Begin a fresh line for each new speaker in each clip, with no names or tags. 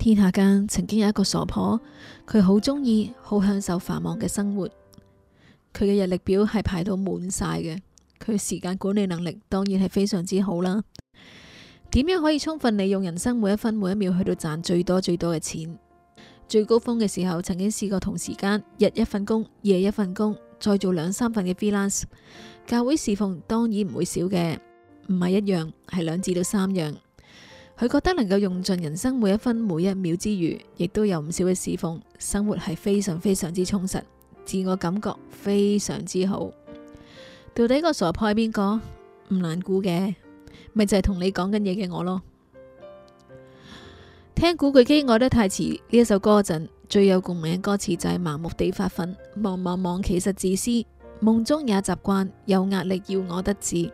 天下間曾經有一個傻婆，佢好中意，好享受繁忙嘅生活。佢嘅日曆表係排到滿晒嘅，佢時間管理能力當然係非常之好啦。點樣可以充分利用人生每一分每一秒去到賺最多最多嘅錢？最高峰嘅時候，曾經試過同時間，日一份工，夜一份工，再做兩三份嘅 freelance。教會侍奉當然唔會少嘅，唔係一樣，係兩至到三樣。佢覺得能夠用盡人生每一分每一秒之餘，亦都有唔少嘅侍奉，生活係非常非常之充實，自我感覺非常之好。到底個傻婆係邊個？唔難估嘅，咪就係同你講緊嘢嘅我咯。聽古巨基《愛得太遲》呢一首歌嗰陣，最有共鳴嘅歌詞就係盲目地發奮，忙忙忙，其實自私，夢中也習慣有壓力要我得志，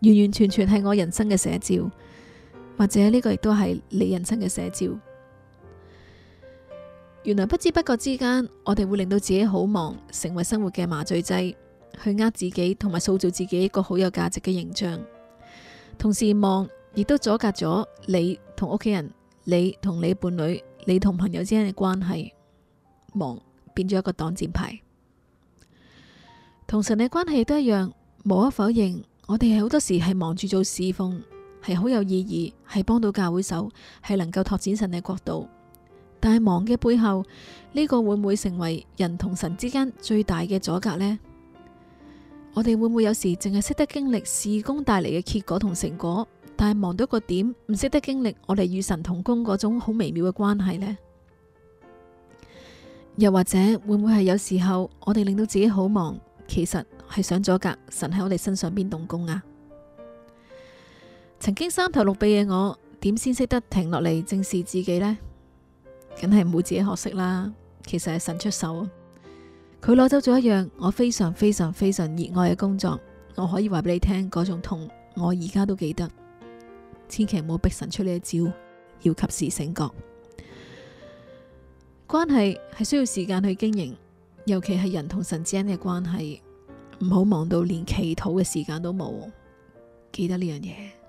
完完全全係我人生嘅寫照。或者呢個亦都係你人生嘅寫照。原來不知不覺之間，我哋會令到自己好忙，成為生活嘅麻醉劑，去呃自己同埋塑造自己一個好有價值嘅形象。同時忙亦都阻隔咗你同屋企人、你同你伴侶、你同朋友之間嘅關係。忙變咗一個擋箭牌，同神嘅關係都一樣。無可否認，我哋係好多時係忙住做侍奉。係好有意義，係幫到教會手，係能夠拓展神嘅國度。但係忙嘅背後，呢個會唔會成為人同神之間最大嘅阻隔呢？我哋會唔會有時淨係識得經歷事工帶嚟嘅結果同成果，但係忙到一個點，唔識得經歷我哋與神同工嗰種好微妙嘅關係呢？又或者會唔會係有時候我哋令到自己好忙，其實係想阻隔神喺我哋身上邊動工啊？曾經三頭六臂嘅我，點先識得停落嚟正視自己呢？梗係唔好自己學識啦。其實係神出手，佢攞走咗一樣我非常非常非常熱愛嘅工作。我可以話俾你聽，嗰種痛我而家都記得。千祈唔好逼神出呢一招，要及時醒覺。關係係需要時間去經營，尤其係人同神之間嘅關係，唔好忙到連祈禱嘅時間都冇。記得呢樣嘢。